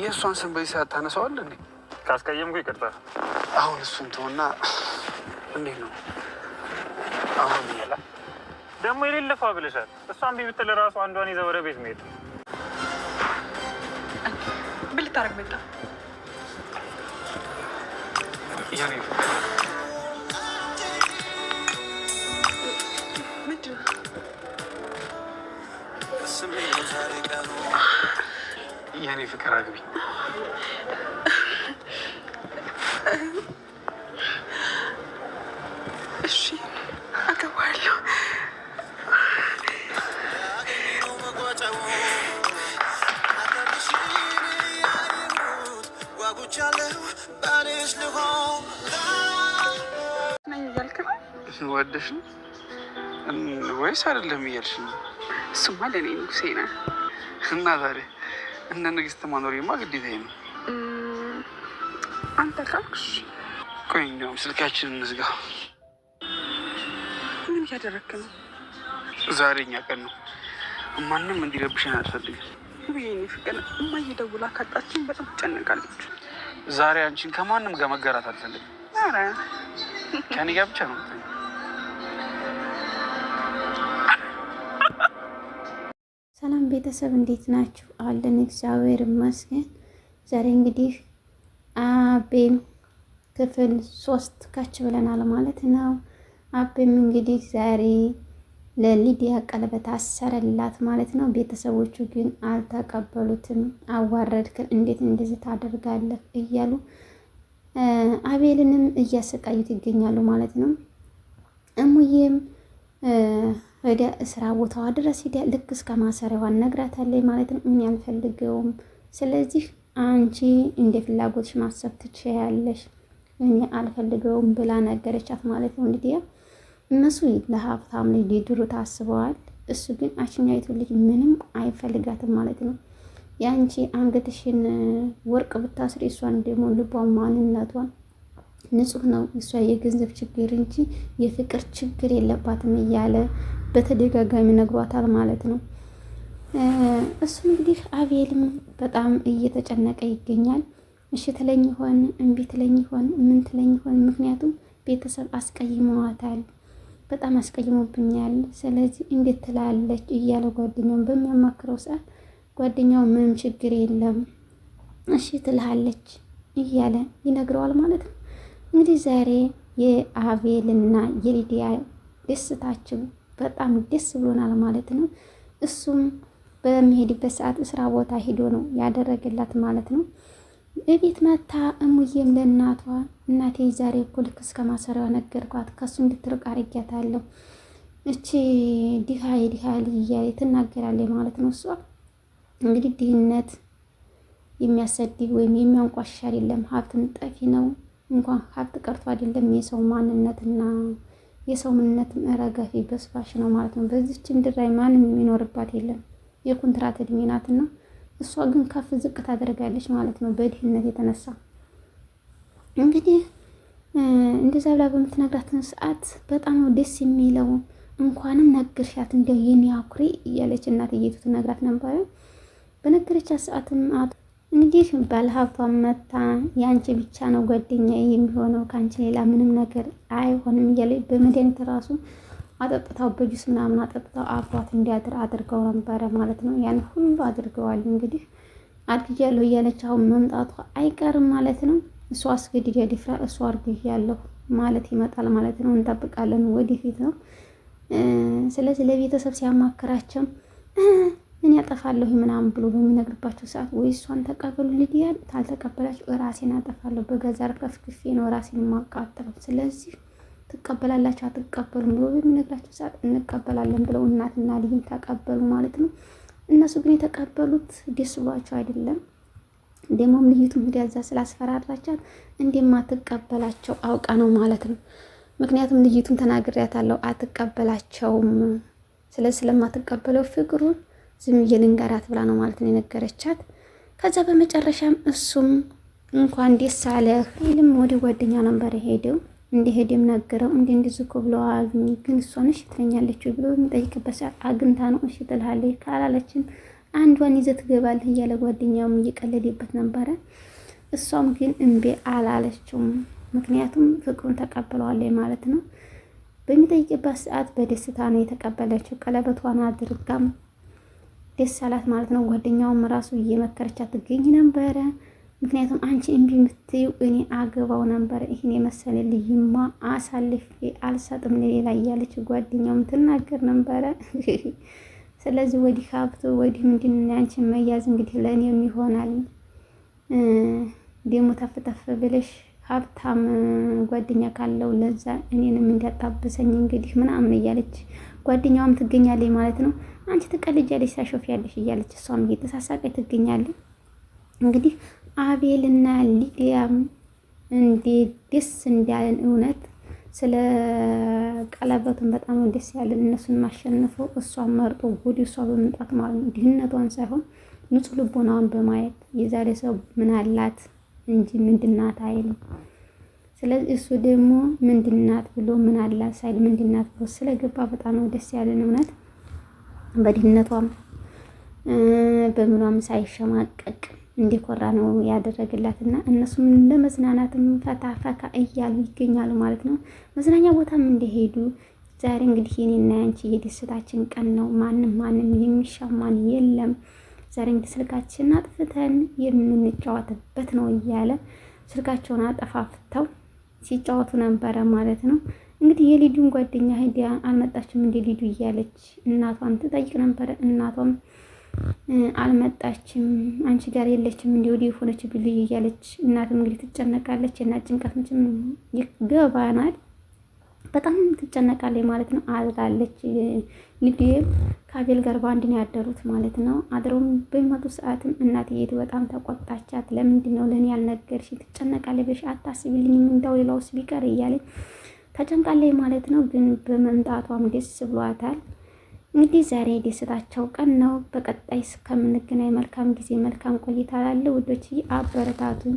የእሷን ስም በዚህ ሰዓት ታነሳዋል እንዴ? ካስቀየምኩ ይቅርታ። አሁን እሱን ተውና፣ እንዴት ነው አሁን ያላ ደግሞ የሌለፋ ብለሻል። እሷን ቢብትል ራሱ አንዷን ይዘህ ወደ ቤት መሄድ ብልታረግ መጣ የኔ ፍቅር አግቢ። እሺ አገባለሁ። ወደሽ ወይስ አይደለም እያልሽ ነው? እሱማ ለእኔ ንጉሴ ነው እና ዛሬ እነ ንግስት ማኖሪማ ግዴታ ነው። አንተ ካልክሽ ቆይ፣ እንዲያውም ስልካችንን እንዝጋ። ምን እያደረክ ነው? ዛሬ እኛ ቀን ነው። ማንም እንዲረብሽን አልፈልግም። ውይኔ ፍቅር፣ እማዬ ደውላ ካጣችን በጣም ትጨነቃለች። ዛሬ አንቺን ከማንም ጋር መጋራት አልፈልግም። ከኔ ጋር ብቻ ነው ሰላም ቤተሰብ እንዴት ናችሁ? አለን እግዚአብሔር ይመስገን። ዛሬ እንግዲህ አቤም ክፍል ሶስት ካች ብለናል ማለት ነው። አቤም እንግዲህ ዛሬ ለሊዲያ ቀለበት አሰረላት ማለት ነው። ቤተሰቦቹ ግን አልተቀበሉትም። አዋረድክን፣ እንዴት እንደዚህ ታደርጋለህ እያሉ አቤልንም እያሰቃዩት ይገኛሉ ማለት ነው። እሙዬም ወደ ስራ ቦታዋ ድረስ ሂዳ ልክ እስከ ማሰሪያዋን ነግራታለች ማለት ነው። እኔ አልፈልገውም፣ ስለዚህ አንቺ እንደ ፍላጎትሽ ማሰብ ትችያለሽ፣ እኔ አልፈልገውም ብላ ነገረቻት ማለት ነው። እንግዲህ እነሱ ለሀብታም ልጅ ሊድሩ ታስበዋል። እሱ ግን አችኛይቱ ልጅ ምንም አይፈልጋትም ማለት ነው። የአንቺ አንገትሽን ወርቅ ብታስሪ እሷን ደግሞ ልቧን ማንነቷን ንጹህ ነው እሷ የገንዘብ ችግር እንጂ የፍቅር ችግር የለባትም እያለ በተደጋጋሚ ነግሯታል ማለት ነው። እሱ እንግዲህ አቤልም በጣም እየተጨነቀ ይገኛል። እሺ ትለኝ ይሆን? እምቢ ትለኝ ይሆን? ምን ትለኝ ይሆን? ምክንያቱም ቤተሰብ አስቀይመዋታል፣ በጣም አስቀይሞብኛል። ስለዚህ እንዴት ትላለች እያለ ጓደኛውን በሚያማክረው ሰዓት ጓደኛው ምንም ችግር የለም እሺ ትልሃለች እያለ ይነግረዋል ማለት ነው። እንግዲህ ዛሬ የአቤልና የሊዲያ ደስታቸው በጣም ደስ ብሎናል ማለት ነው። እሱም በሚሄድበት ሰዓት እስራ ቦታ ሂዶ ነው ያደረገላት ማለት ነው። እቤት መታ እሙዬም ለእናቷ እናቴ ዛሬ እኮ ልክ እስከ ማሰሪያዋ ነገርኳት፣ ከሱ እንድትርቅ አርጊያታለሁ። እቺ ድሃ የድሃ ልጅ ትናገራለች ማለት ነው። እሷ እንግዲህ ድህነት የሚያሰድብ ወይም የሚያንቋሻ አይደለም፣ ሀብትን ጠፊ ነው። እንኳን ሀብት ቀርቶ አይደለም የሰው ማንነትና የሰው ምንነት ረጋፊ በስፋሽ ነው ማለት ነው። በዚች ምድር ላይ ማንም የሚኖርባት የለም። የኮንትራት እድሜ እና እሷ ግን ከፍ ዝቅ ታደርጋለች ማለት ነው በድህነት የተነሳ እንግዲህ እንደዛ ብላ በምትነግራትን ሰዓት በጣም ደስ የሚለው። እንኳንም ነገርሻት እንደ የኔ አኩሪ እያለች እናትየቱ ትነግራት ነበር። በነገረቻት ሰዓትም እንዲህ ባለሀብቷን መታ የአንቺ ብቻ ነው ጓደኛ የሚሆነው ከአንቺ ሌላ ምንም ነገር አይሆንም እያለ በመድኃኒት ራሱ አጠጥታው በጁስ ምናምን አጠጥታው አብሯት እንዲያድር አድርገው ነበረ ማለት ነው። ያን ሁሉ አድርገዋል። እንግዲህ አድርጊያለሁ እያለች አሁን መምጣቷ አይቀርም ማለት ነው። እሷ አስገድድ ያደፍራ እሷ አድርጊያለሁ ማለት ይመጣል ማለት ነው። እንጠብቃለን ወደፊት ነው። ስለዚህ ለቤተሰብ ሲያማክራቸው ምን ያጠፋለሁ ምናምን ብሎ በሚነግርባቸው ሰዓት ወይ እሷን ተቀበሉ ልድያን ታልተቀበላችሁ ራሴን አጠፋለሁ፣ በገዛ ከፍክፌ ነው ራሴን የማቃጠለው። ስለዚህ ትቀበላላችሁ አትቀበሉም ብሎ በሚነግራቸው ሰዓት እንቀበላለን ብለው እናትና ልጅም ተቀበሉ ማለት ነው። እነሱ ግን የተቀበሉት ደስ ብሏቸው አይደለም። ደግሞም ልዩቱ እንግዲህ እዛ ስላስፈራራቻት እንደማትቀበላቸው አውቃ ነው ማለት ነው። ምክንያቱም ልዩቱን ተናግሬያታለሁ አትቀበላቸውም ስለ ስለማትቀበለው ፍቅሩን ዝም ብዬ ልንገራት ብላ ነው ማለት ነው የነገረቻት። ከዛ በመጨረሻም እሱም እንኳን ደስ አለህ ይልም ወደ ጓደኛ ነበር ሄደው እንደሄደም ነገረው። እንዲ እንዲዝኮ አግኝ ግን እሷን እሺ ትለኛለች ብሎ የሚጠይቅበት ሰዓት አግኝታ ነው እሺ ትልሃለች ካላለችን አንዷን ይዘህ ትገባለህ እያለ ጓደኛውም እየቀለደበት ነበረ። እሷም ግን እምቢ አላለችውም። ምክንያቱም ፍቅሩን ተቀብለዋለች ማለት ነው። በሚጠይቅበት ሰዓት በደስታ ነው የተቀበለችው። ቀለበቷን አድርጋም ደስ ያላት ማለት ነው። ጓደኛውም ራሱ እየመከረቻ ትገኝ ነበረ። ምክንያቱም አንቺ እምቢ የምትይው እኔ አገባው ነበር ይህን የመሰለ ልይማ አሳልፌ አልሰጥም ለሌላ እያለች ጓደኛውም ትናገር ነበረ። ስለዚህ ወዲህ ሀብቱ ወዲህ ምንድን ነው ያንቺን መያዝ እንግዲህ ለእኔም ይሆናል ደግሞ ተፍተፍ ብለሽ ሀብታም ጓደኛ ካለው ለዛ እኔንም እንዲያጣብሰኝ እንግዲህ ምናምን እያለች ጓደኛዋም ትገኛለች ማለት ነው። አንቺ ሳሾፍ ታሾፊያለሽ እያለች እሷም እየተሳሳቀች ትገኛለች። እንግዲህ አቤልና ሊዲያም እንዴት ደስ እንዳለን እውነት ስለ ቀለበቱን በጣም ደስ ያለን እነሱን ማሸነፈው እሷን መርጦ ወደ እሷ በመምጣት ማለት ነው። ድህነቷን ሳይሆን ንጹሕ ልቦናዋን በማየት የዛሬ ሰው ምን አላት እንጂ ምንድናት አይልም። ስለዚህ እሱ ደግሞ ምንድናት ብሎ ምን አላት ሳይል ምንድናት ብሎ ስለገባ በጣም ነው ደስ ያለን። እውነት በድህነቷም በምኗም ሳይሸማቀቅ እንዲኮራ ነው ያደረግላት እና እነሱም ለመዝናናትም ፈታ ፈካ እያሉ ይገኛሉ ማለት ነው። መዝናኛ ቦታም እንደሄዱ ዛሬ እንግዲህ የኔና ያንቺ የደስታችን ቀን ነው። ማንም ማንም የሚሻማን የለም። ዛሬ እንግዲህ ስልካችንን አጥፍተን የምንጫወትበት ነው እያለ ስልካቸውን አጠፋፍተው ሲጫወቱ ነበረ ማለት ነው። እንግዲህ የሊዱን ጓደኛ ሂዲያ አልመጣችም እንዴ ሊዱ እያለች እናቷን ትጠይቅ ነበረ። እናቷም አልመጣችም አንቺ ጋር የለችም እንዲ ወዲ የሆነች ብልዩ እያለች እናትም እንግዲህ ትጨነቃለች። የእናት ጭንቀት መቼም ይገባናል። በጣም ትጨነቃለች ማለት ነው። አዝላለች። ንግዬም ከአቤል ጋር በአንድ ነው ያደሩት ማለት ነው። አድሮም በመጡ ሰዓትም እናትዬቱ በጣም ተቆጣቻት። ለምንድን ነው ለእኔ ያልነገርሽ? ትጨነቃለች ብለሽ አታስቢልኝም? እንደው ሌላውስ ቢቀር እያለች ተጨንቃለች ማለት ነው። ግን በመምጣቷም ደስ ብሏታል። እንግዲህ ዛሬ ደስታቸው ቀን ነው። በቀጣይ እስከምንገናኝ መልካም ጊዜ፣ መልካም ቆይታ። ላለ ውዶች አበረታቱኝ።